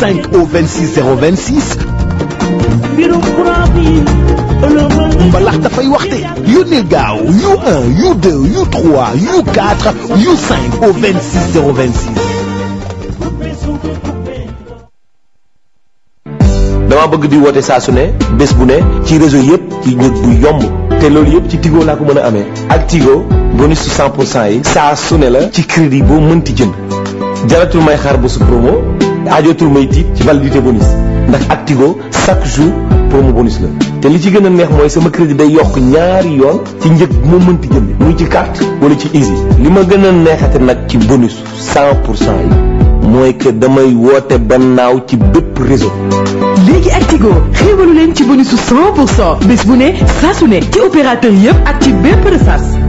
U1 U2 U3 U4 U5 dama bëgg di woote saa su ne bés bu ne ci réseau yëpp ci njëg bu yomb te loolu yëpp ci Tigo laa ko mën a amee ak Tigo bonus yi saa su ne la ci crédit boo mënti jënd jaratul may xaar bésu promo aajotul may tiit ci validité bonus ndax Actigo chaque jour promo bonus la te li ci gën a neex mooy sama crédit day yokk ñaari yoon ci njëg moom ma mënti jënd muy ci carte wala ci isi li ma gën a neexate nag ci bonus 100 pour cent yi mooy que damay woote ba naaw ci bépp réseau. léegi Actigo xéewalu leen ci bonusu 100 pour cent bu ne saa su ne ci opérateur yëpp ak ci bépp resaas.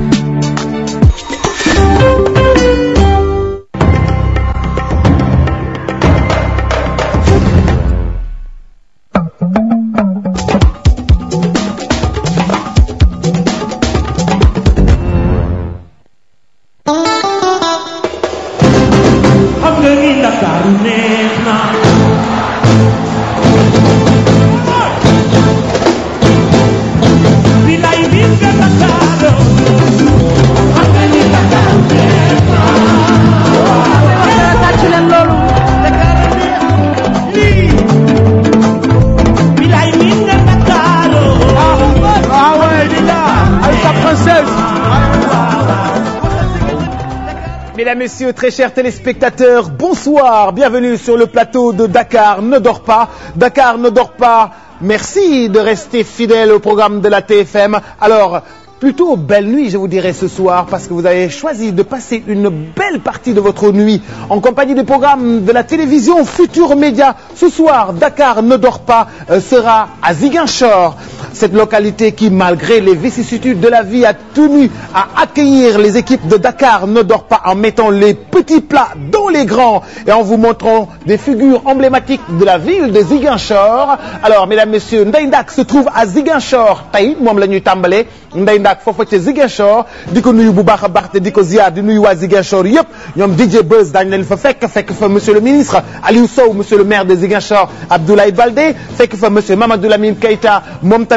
messieurs, très chers téléspectateurs, bonsoir, bienvenue sur le plateau de Dakar ne dort pas. Dakar ne dort pas, merci de rester fidèle au programme de la TFM. Alors, plutôt belle nuit, je vous dirais ce soir, parce que vous avez choisi de passer une belle partie de votre nuit en compagnie des programmes de la télévision Futur Média. Ce soir, Dakar ne dort pas euh, sera à Ziguinchor. Cette localité qui, malgré les vicissitudes de la vie, a tenu à accueillir les équipes de Dakar ne dort pas en mettant les petits plats dans les grands et en vous montrant des figures emblématiques de la ville de Ziguinchor. Alors, mesdames, messieurs, Ndeye Ndack se trouve à Ziguinchor tey moom la ñuy tàmbalee Ndeye Ndack foofa ca Ziguinchor di ko nuyu bu baax a baax te di ko ziar nuyu waa Ziguinchor yëpp ñoom DJ Buzz daañu leen fa fekk fekk fa monsieur le ministre Aliou Sow monsieur le de Ziguinchor Abdoulaye Baldé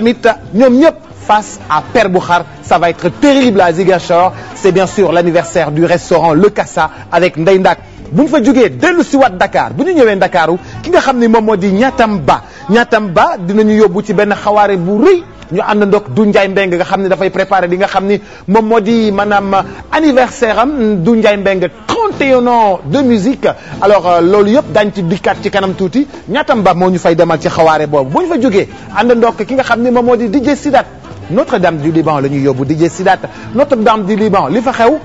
tamit ñoom ñëpp face à Père Boukhar ça va être terrible à Ziguinchor c'est bien sûr l'anniversaire du restaurant Le Cassa avec Ndeye Ndack bu ñu fa jógee dellu si waat Dakar bu ñu ñëwee Ndakaaru ki nga xam ni moom moo di ñaatam ba ñaatam ba dinañu yóbbu ci benn xawaare bu rëy ñu ànd ndoog du Ndiaye Mbeng nga xam ne dafay préparer li nga xam ni moom moo di maanaam anniversaire am du Ndiaye Mbeng 21 ans de musique alors euh, loolu yëpp daañu ci dikkaat ci kanam tuuti ñaatam ba moo ñu fay demal ci xawaare boobu bu ñu fa jógee ànd ndokk ki nga xam ne moom moo di DJ Sidat Notre-Dame du Liban la ñuy yóbbu DJ Sidat Notre-Dame du Liban li fa xew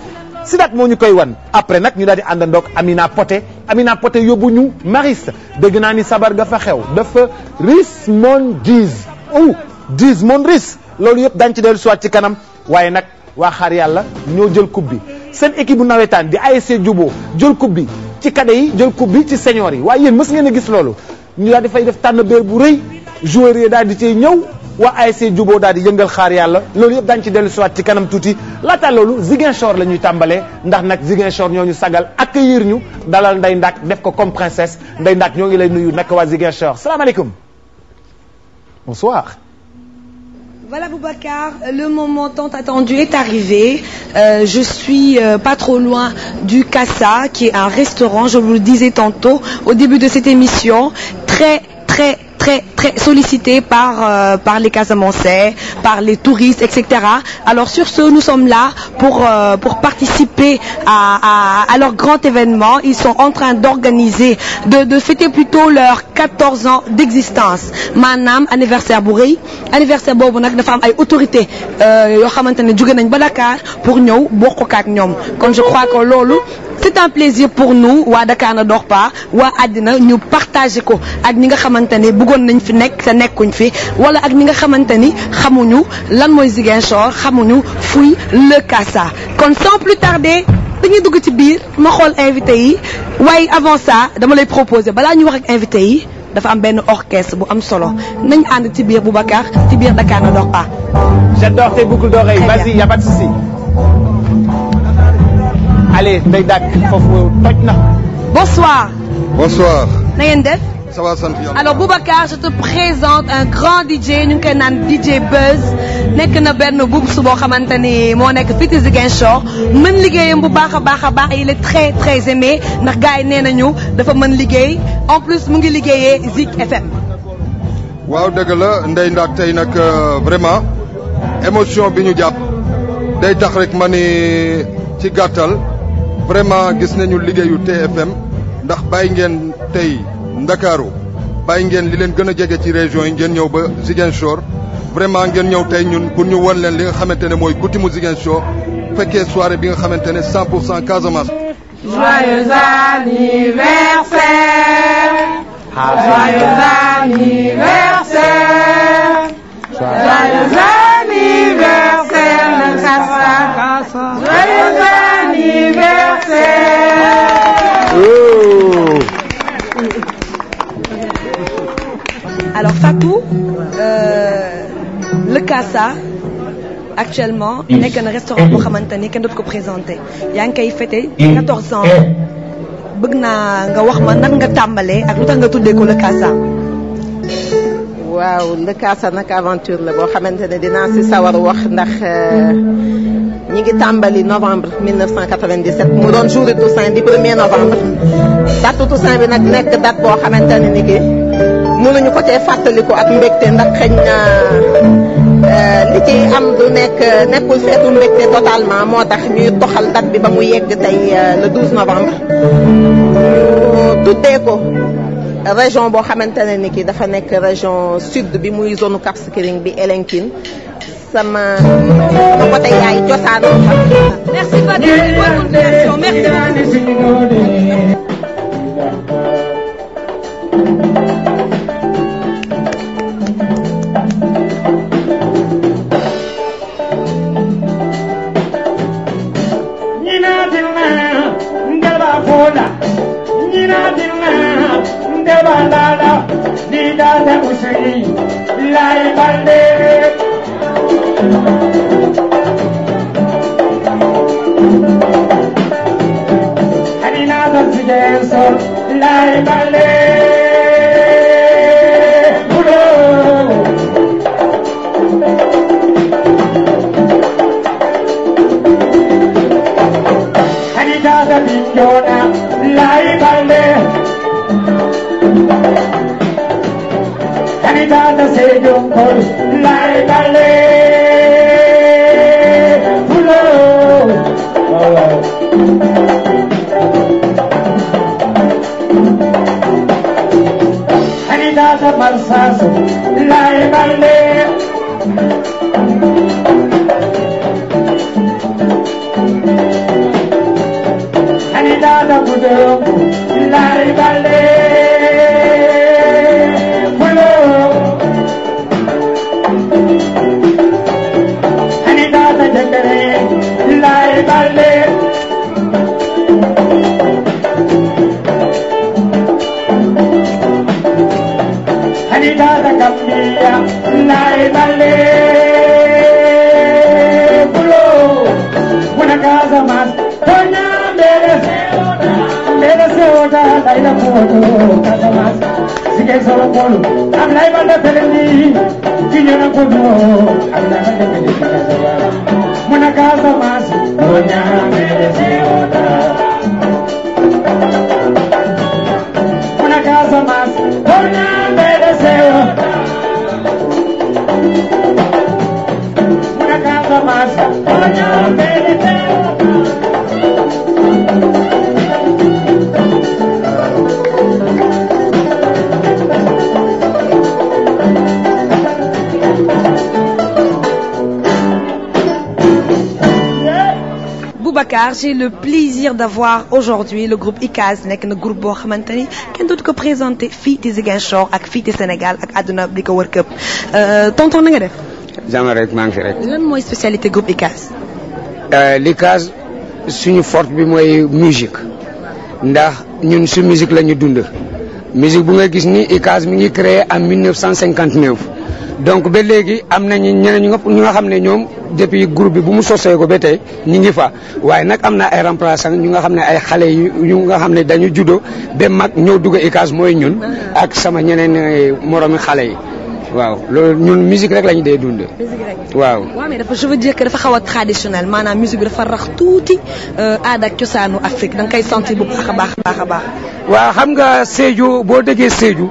Sidat moo ñu koy wan après nag ñu daal di ànd ndokk Amina Poté Amina Poté yóbbu ñu Maris dégg naa ni sabar ga fa xew dafa ris mon diz ou diz mon ris loolu yëpp daañu ci dellu siwaat ci kanam waaye nag waa yàlla ñoo jël coupe bi seen équipe bu nawetaan di ASC Jubo jël coupe bi ci cadets yi jël coupe bi ci seniors yi waaye yéen mës ngeen gis loolu ñu daal di def tànn béer bu rëy joueurs yi daal di cay ñëw waa ASC Jubo daal di yëngal xaar yàlla loolu yëpp daañu ci dellu siwaat ci kanam tuuti laata loolu Ziguinchor la ñuy tàmbalee ndax nag Ziguinchor ñoo ñu sagal ak accueillir ñu dalal Ndeye Ndack def ko comme princesse Ndeye Ndack ñoo ngi lay nuyu naka waa Ziguinchor salaamaaleykum bonsoir Voilà Boubacar, le moment tant attendu est arrivé. Euh, je suis euh, pas trop loin du Casa, qui est un restaurant, je vous le disais tantôt au début de cette émission, très très très très sollicité par, euh, par les Casamançais, par les touristes, etc. Alors sur ce, nous sommes là pour, euh, pour participer à, à, à, leur grand événement. Ils sont en train d'organiser, de, de, fêter plutôt leurs 14 ans d'existence. Manam, anniversaire Bourri, anniversaire Bobo, nak dafa am ay autorité euh, yo xamantene djugé nañ ba Dakar pour ñew bokk ak ñom. Kon je crois que c'est un plaisir pour nous, wa Dakar ne dort pas, wa Adina ñu partager ko ak ñi nga xamantene bëggoon nañ fi nekk te nekkuñ fi wala ak ñi nga xamante ni xamuñu lan mooy Ziguinchor xamuñu fuy le Casa kon sans plus tarder dañuy dugg ci biir ma xool invité yi waaye avant ça dama lay proposer balaa ñu wax ak invité yi dafa am benn orchestre bu am solo nañ ànd ci biir Boubacar ci biir Dakar ne dort pas. j'adore tes boucles d'oreilles. vas-y y a pas de souci. allez Ndeye Dak na. bonsoir. bonsoir. ça va sant yàlla. alors Boubacar je te présente un grand DJ ñu ngi koy naan DJ Buzz nekk na benn boubsu boo xamante ni moo nekk fii ci Ziguinchor mën liggéeyam bu baax a baax a baax il est très très aimé ndax gars yi nee nañu dafa mën liggéey en plus mu ngi liggéeyee Zik FM. waaw dëgg la Ndeye Ndack tey nag euh, vraiment émotion bi ñu jàpp day tax rek ma ni ci gàttal vraiment gis nañu liggéeyu TFM ndax bàyyi ngeen tey. ndakaaru bàyyi ngeen li leen gën a jege ci région yi ngeen ñëw ba Ziguinchor vraiment ngeen ñëw tey ñun pour ñu won leen li nga xamante ne mooy kutimu Ziguinchor fekkee soirée bi nga xamante ne 100 pour cent Casamance. alors Fatou euh, le Casa actuellement nekk na restaurant boo xamante ni kenn dootu ko présenté yaa ngi koy fêté 14 ans bëgg naa nga wax ma nan nga tàmbalee ak lu tax nga tuddee ko le Casa. waaw le Casa nag aventure la boo xamante ne dinaa si sawar wax ndax euh, ñi ngi tàmbali novembre 1997 mu doon jour de Toussaint di premier novembre date Toussaint bi nag nekk date boo xamante ne ni ki mënuñu ko cee fàttaliku ak mbégte ndax xëñ na euh, li ci am du nekk nekkul feetu mbégte totalement moo tax ñuy toxal date bi ba mu yegg tey euh, le novembre ñu région boo xamante ne ni ki dafa nekk région sud bi muy zone Cap Skirring bi Elinkine sama sama côté yaay cosaanoo fa merci Ida de Ushiri, Lai Balde. Harina de Sujeso, Lai Sar Sass Laye Balde Ani Dada Goudombo Laye Balde vida da cambia nae dale pulo una casa más doña merece merece otra dai la foto casa más si que solo polo habla y manda pelendi tiño na cuño habla de pelendi casa más una casa más doña merece otra car j'ai le plaisir d'avoir aujourd'hui le groupe ICAS nekk na groupe boo xamante ni kenn dootu ko présenté fii ci Ziguinchor ak fii ci Sénégal ak àdduna bi ko wër këpp euh, tonton na nga def. jamono rek maa ngi fi rek. lan mooy spécialité groupe ICAS. Euh, l'ICAS suñu forte bi mooy musique ndax ñun su musique la ñu dund musique bu nga gis ni ICAS mi ngi créé en 1959. donc be léegi am nañu ñeneen ñu nga ñu nga xam ne ñoom depuis groupe bi bu mu sosee ko ba tey ñu ngi fa waaye nag am na ay remplaçant ñu nga xam ne ay xale yu nga xam ne dañu juddoo ba mag ñoo dugg ICAS mooy ñun ak sama ñeneen moroomi xale yi waaw loolu ñun musique rek lañu dee dund. waaw. waaw mais dafa je veux dire que dafa xaw a traditionnel maanaam musique bi dafa rax tuuti euh, aada ak cosaanu Afrique da nga koy sentir bu baax baax a baax. waaw xam nga Sédhiou boo degee Sédhiou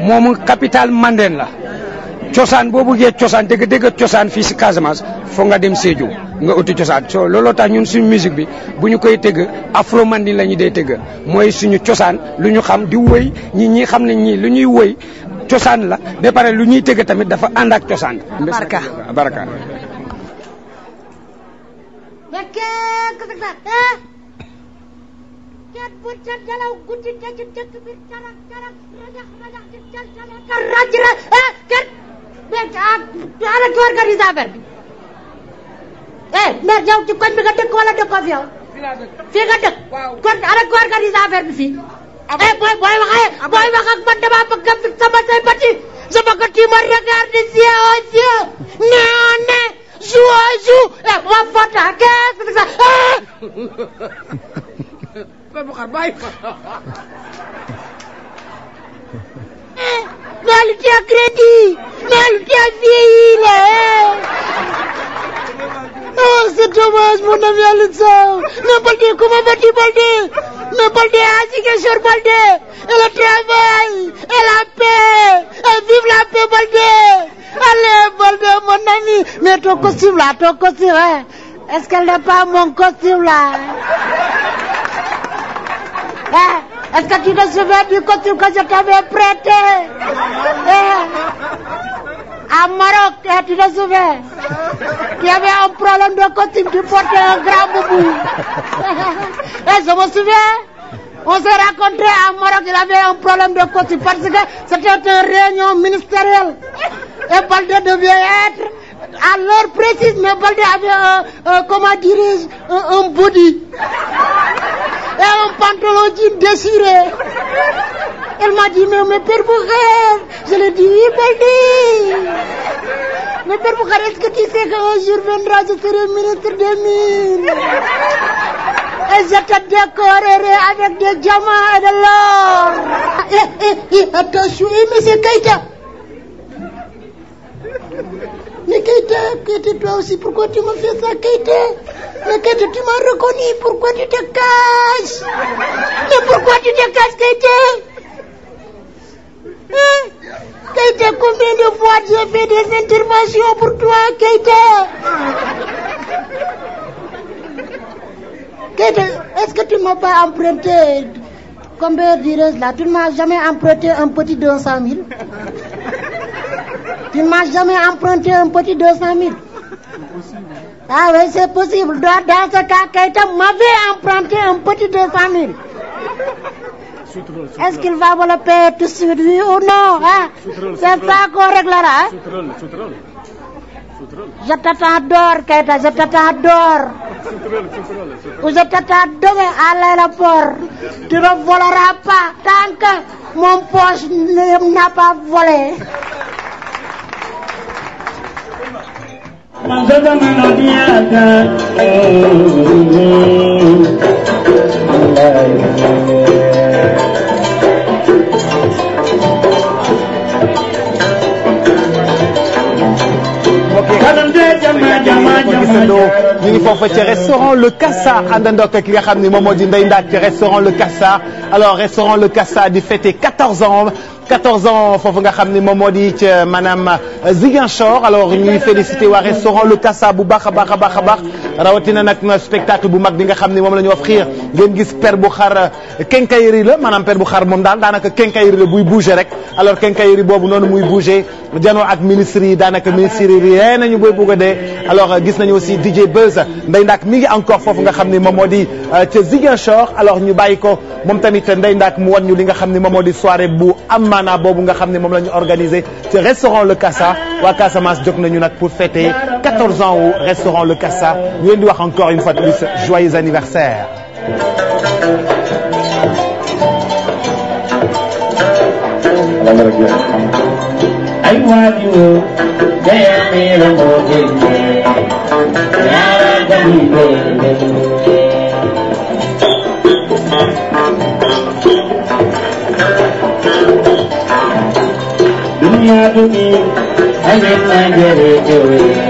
moomu capital mandeen la. cosaan boo buggee cosaan dëgg dëgg cosaan fii si Casamance foog nga dem Sédhiou nga uti cosaan so looloo tax ñun suñu musique bi bu ñu koy tëgg afro manding la ñu dee tëgg mooy suñu cosaan lu ñu xam di wëy ñi ñi xam ne ñii lu ñuy wëy cosaan la ba pare lu ñuy tëgg tamit dafa ànd ak cosaan. baraka mais ah, ana ki organiser affaire bi eh maire yow ci koñ bi nga dëkk wala dëkkoo fi yow. fii nga dëkk. kon ana ki organiser affaire bi fii. eh booy booy waxee eh, booy wax ak man damaa bëgg a sama say bati sama ko tii ma regarde yeux aux yeux nez à nez joue à joue eh ma faute ah qu'est-ce que ça ah. bàyyi fa. Melu Dia crédit Melu Dia vieilli là Oh ah, c'est dommage mon ami Alioune Sow mais Baldé comment vas-tu Baldé mais Baldé à Ziguinchor Baldé et le travail et la paix et vive la paix Baldé allez Baldé mon ami mais ton costume là ton costume hein est-ce qu'elle n'a pas mon costume là hein est que tu recevais du couture que je t'avais prêté eh, À Maroc, eh, tu recevais. Tu avais un problème de couture, tu portais un grand boubou. Et eh, je me on s'est rencontrés à Maroc, il avait un problème de couture parce que c'était une réunion ministérielle. Et Baldé devait être à l'heure précise, mais Baldé avait, comment dirais-je, un, et un pantalon jean déchiré. Elle m'a dit, mais, mais Père Boukhar, je lui ai dit, oui, Baldi. Mais Père Boukhar, est-ce que tu sais qu'un jour viendra, je serai ministre des Mines Et je te décorerai avec des diamants et de l'or. Eh, eh, eh, attention, eh, monsieur Keïta. Mais Keïta, Keïta, toi aussi, pourquoi tu me fais ça, Keïta Requette, tu m'as tu te caches Mais pourquoi tu te caches, Keïté Hein Keïté, combien de fois j'ai fait des interventions pour toi, Keïté Keïté, est-ce que tu ne m'as pas emprunté, Tu ne m'as jamais emprunté un petit Tu ne jamais emprunté un petit 200 Ah oui, c'est possible. Dans, dans ce cas, Keita m'avait emprunté un petit 200 000. Est-ce qu'il va me le tout suite, oui ou non? Ah, c'est réglera. Je t'attends dehors, Keita, je t'attends dehors. Ou je t'attends demain à l'aéroport. Tu ne voleras pas tant que mon poche n'a pas volé. Màgbẹ́gbẹ́ mi lọ ní àgbà. ñu ngi foofa ci restaurant Le Cassa àndandoog ak li nga xam ne moom moo di Ndeye Ndack ci restaurant Le Cassa alors restaurant Le Cassa di fêter 14 ans 14 ans foofu nga xam ni moom moo di ca maanaam euh, Ziguinchor alors ñuy félicité waa restaurant Le Casa bu baax a baax a baax a baax rawatina nag spectacle bu mag bi nga xam ni moom la ñu offrir ngeen gis per bu xar euh, quincaillerie la maanaam per bu xar moom daal daanaka quincaillerie la buy bouger rek alors quincaillerie muy bouger janoo ak ministre yi daanaka ministre yi yee nañu booy bugg a dee alors gis nañu aussi DJ Buzz Ndeye Ndaak mi ngi encore foofu nga xam ni moom moo di euh, ca Ziguinchor alors ñu bàyyi ko moom tamit Ndeye Ndaak mu wan ñu li nga xam ni moom moo di soirée bu am maanaa boobu nga xam ne moom la ñu organisé ci restaurant Le Cassa waa Casamance jóg nañu nag pour fêter 14 ans wu restaurant Le Cassa ñu leen di wax encore une fois de plus joyeux anniversaire. ya buɗe, hanyar ma jere